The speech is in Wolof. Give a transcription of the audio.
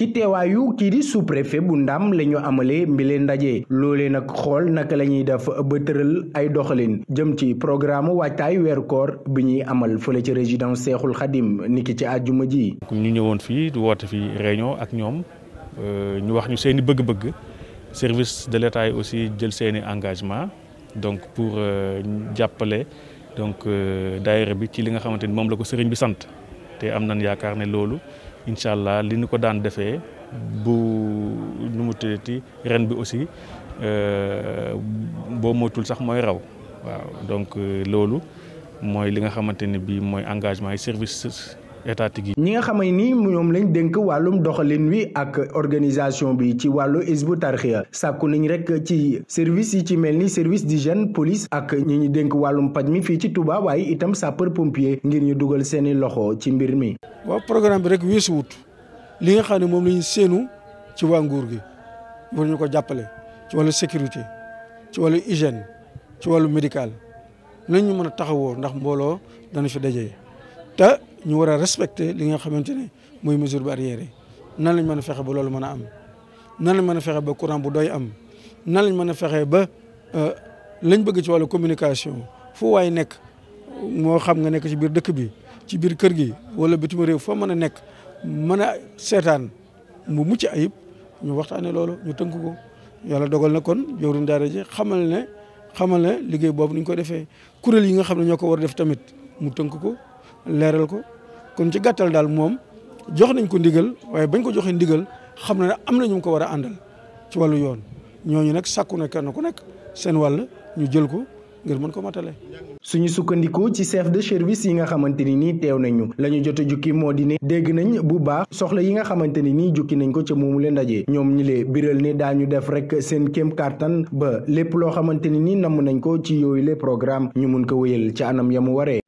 ci teewaayu kii di sous fee bu ndaam la ñu amalee mbile ndaje loolee nag xool naka la ñuy def ba tëral ay doxalin jëm ci programme waajtaay weeru koor bi ñuy amal fële ci résidence Seexul Xadim niki ci àjjuma ji. comme ñu ñëwoon fii woote fii réunion ak ñoom euh, ñu wax ñu seen i bëgg-bëgg service de aussi jël seen i engagement donc pour euh, jàppale donc euh, daayira bi ci li nga xamante ni moom la ko sëriñ bi sant. te am nañ yaakaar ne loolu incha allah li ñu ko daan defee bu nu mu ti ren bi aussi euh, boo moytul sax mooy raw waaw donc euh, loolu mooy li nga xamante ne bii mooy engagement yi service étatique yi. ñi nga xam ne nii ñoom lañ dénk wàllum doxalin wi ak organisation bi ci wàllu Hizbut Tarqiyyah sàkku nañ rek ci service yi ci mel ni service d'hygiène police ak ñi ñu dénk wàllum paj mi fii ci Touba waaye itam sapeur pompier ngir ñu dugal seeni loxo ci mbir mi. waaw programme bi rek weesu wut li nga xam ne moom la ñu séenu ci waa nguur gi war ñu ko jàppale ci wàllu sécurité ci wàllu hygiène ci wàllu médical nañ ñu mën a taxawoo ndax mbooloo dana fi daje. te ñu war a respecter li nga xamante ne mooy mesure barrière yi nan lañ mën a fexe ba loolu mën a am nan lañ mën a fexe ba courant bu doy am nan lañ mën a fexe ba euh, lañ bëgg ci wàllu communication fu waaye nekk moo xam nga nekk ci biir dëkk bi ci biir kër gi wala bitim réew foo mën a nekk mën a seetaan mu mucc ayib ñu waxtaanee loolu ñu tënk ko yàlla dogal na kon jawriñ daara ji xamal ne xamal ne liggéey boobu ni ko defee kuréel yi nga xam ne ñoo ko war a def tamit mu tënk ko leeral ko kon ci gàttal daal moom jox nañ ko ndigal waaye bañ ko joxee ndigal xam na ne am na ñu ko war a àndal ci wàllu yoon ñooñu nag sàkku na kenn ku nekk seen wàll ñu jël ko ngir mën ko matale. suñu sukkandiku ci chef de service yi nga xamante ni nii teew nañu la ñu jot a jukki moo di ne dégg nañ bu baax soxla yi nga xamante ni nii jukki nañ ko ca moomu leen ndaje ñoom ñu lee biral ne daañu def rek seen kem kàttan ba lépp loo xamante ni nii namm nañ ko ci yooyu le programme ñu mun ko wéyal ci anam ya mu waree.